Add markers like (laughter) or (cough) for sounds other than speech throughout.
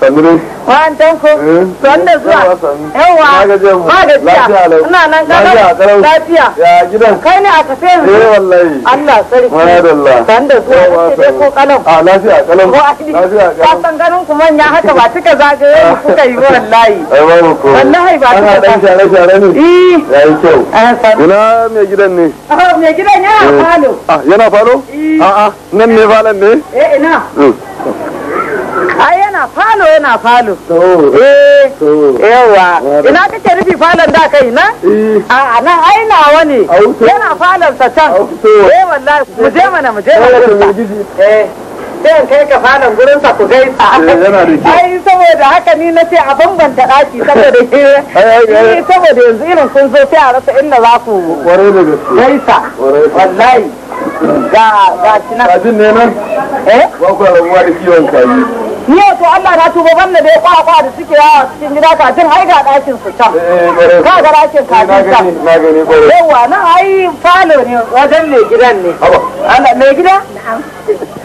kai wa'an tanko da zuwa yawa ba da jiya ina nan kanar lafiya kai ne a kafe yanzu Allah sarki da zuwa ce ko kalam a lafiya kalam ko asibiti kasan ganin ku manya haka ba cika zagaye ni kuka yi wallahi wallahi ba cika dan share share ne eh yayi kyau ina mai gidan ne mai gidan yana falo yana falo a'a nan ne falon ne eh ina ai falo yana falo eh yawa ina kake rufi falon da kai na eh. a nan ai nawa ne yana falon sa can eh wallahi mu je mana mu je mana eh sai kai ka falon gurin sa ku gaisa eh, ai saboda haka ni na ce a bambanta daki saboda ke saboda yanzu irin sun zo sai a rasa inda za ku gaisa wallahi ga ga shi nan eh ba ku rabuwa da kiwon kaji ni to Allah na tuba wannan da ya kwa kwa da suke yawa cikin gida kafin ai ga ɗakin su can eh, eh, ka ga ɗakin kafin eh, can yawa nan ai falo ne wajen mai gidan ne Allah mai gida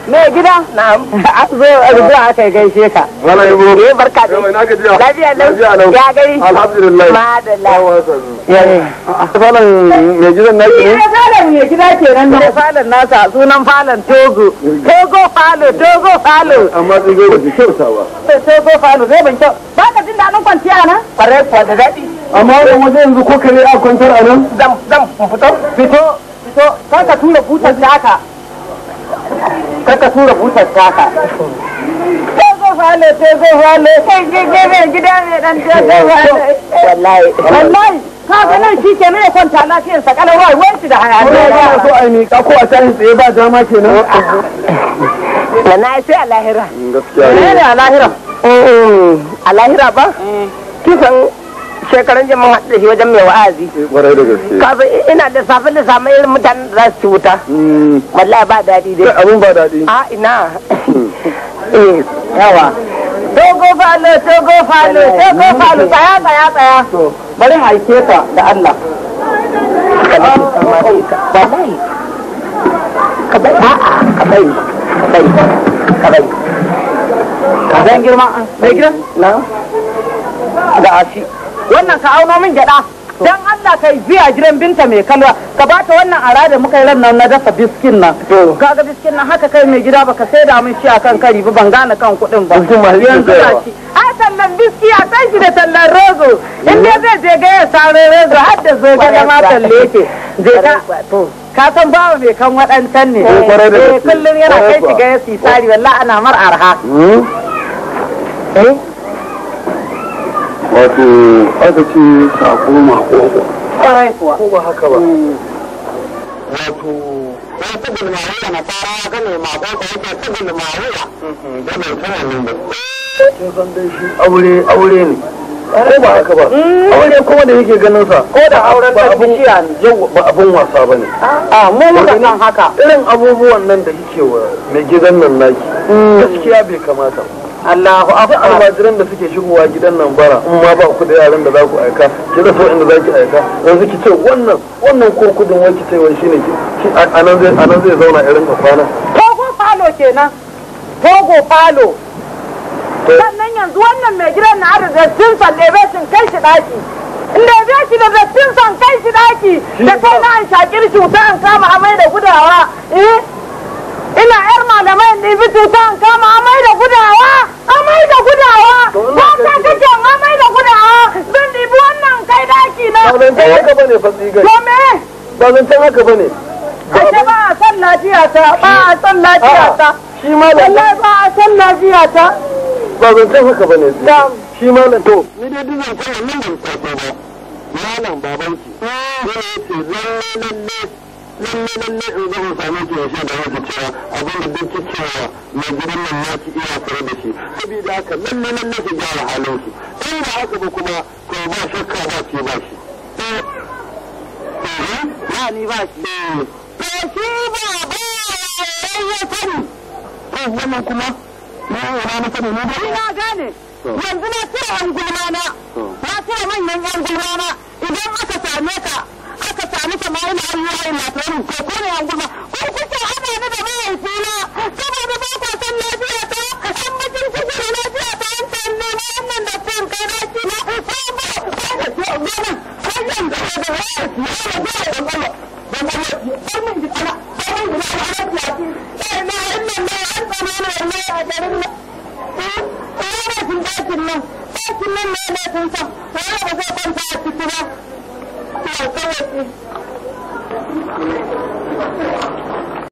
Mai gida? na a su zo a zuwa aka gaishe ka. Wala yi buru Eh barka ne Lafiya lau. Ya gari. Alhamdulillah. Madalla. Ah, ah, falon mai gidan naki ne? Falon mai gida ke kenan na. Falon nasa sunan falon Togo. Togo falo, Togo falo. Amma Togo ba ki kyauta ba. Eh, Togo falo, zai ban kyau. Ba ka jin daɗin kwanciya na? Kwarai kuwa da daɗi. Amma wani waje yanzu ko kare a kwantar a nan? Zan fito. Fito. Fito. Kar ka tura butar da haka. kaka tura butar taka fale tego fale kai gida mai dan tego fale wallahi wallahi ka ga nan shi ke mai kwanta lafiyar sa kana wai wai da hayaniya ba so ai ka ko a tashi tsaye ba dama kenan sai a lahira gaskiya ne a lahira a lahira ba kisan shekarun jin haɗu da shi wajen mai wa'azi eh, ƙwarai da gaske kafin ina da safin da samun irin mutanen da za su ci wuta mm. wallahi ba daɗi dai abin ba daɗi a ina hmm. (laughs) eh yawa dogo falo dogo falo dogo falo tsaya tsaya tsaya bari haike ka da Allah Kabai, kabai, kabai, kabai, kabai. Kabai girma mai gidan na ashi wannan ka auno min gyaɗa, dan Allah kai biya gidan binta mai kalwa ka bata wannan ara da muka yi nan na dafa biskin nan kaga biskin nan haka kai mai gida baka sai da mun shi akan kari ba ban gane kan kuɗin ba yanzu ba a tallan biskiya a shi da tallan rozo, in dai zai je ga ya saro har da zo ga ma ka san bawa mai kan waɗancan ne eh, eh, kullum yana kai shi ga ya sisari wallahi ana mar arha hmm? eh? wato aka ce sako makoko kwarai kuwa ko ba haka ba hmm. wato ya ta gulma na fara ga mai makoko ya ta gulma wuya da mai tana nan da kin san dai shi aure aure ne ko ba haka ba hmm. aure kuma da yake ganin sa ko da auren ta bishiya ne yau ba abun wasa ba ne a ah, ah, mu muka san haka irin abubuwan nan da yake wa mai gidan nan naki hmm. gaskiya bai kamata ba Allahu akbar almajiran da suke shigowa gidan nan bara in ma ba ku da yaran da za ku aika ki da so inda za ki aika yanzu ki ce wannan wannan kudin wai ki ce wai shine ki anan zai anan zai zauna irin ka kwana togo falo kenan togo falo sannan yanzu wannan mai gidan na arziki sun salle bai sun kai shi daki inda zai shi da zattin san kai shi daki da kai na an shakir wuta an kama amai da gudawa eh ina yar malamai in ɗibi cuta in kama amai da gudawa amai da gudawa ba ta kake amai da gudawa zan ɗibi wannan kai daki na ba zan haka ba ne fasi gai to me ba zan haka ba ne ashe ba a san lafiya ta ba a san lafiya ta shi malam ba a san lafiya ta ba zan haka ba ne shi malam to ni dai dina ta nan da ba malam babanki ne ah. ce lalle lalle lalle lalle in zama sami ki ya shaida maka cewa abin da duk cewa mai gidan nan ya ci iya tare da shi saboda haka lalle lalle ki gyara halin shi in ba haka ba kuma to ba shakka ba ce ba shi eh, eh, eh. ba ni ba shi to shi ba ba ya sani to wannan kuma na yana rana sani ne ba na gane yanzu na cire yan gulmana na cire manyan yan gulmana idan wallahi na tsarin ko ko ne ko ana da saboda ba ta san lafiya ta mutum da lafiya ta an san ne na wannan da kai na ci na ko ba ko ko ya mun ji kana ko mun ji kana ana ki eh na inna an wallahi a garin ko nan nan ne kun san ba zai kwanta a ciki ba Allah kawai どうぞ。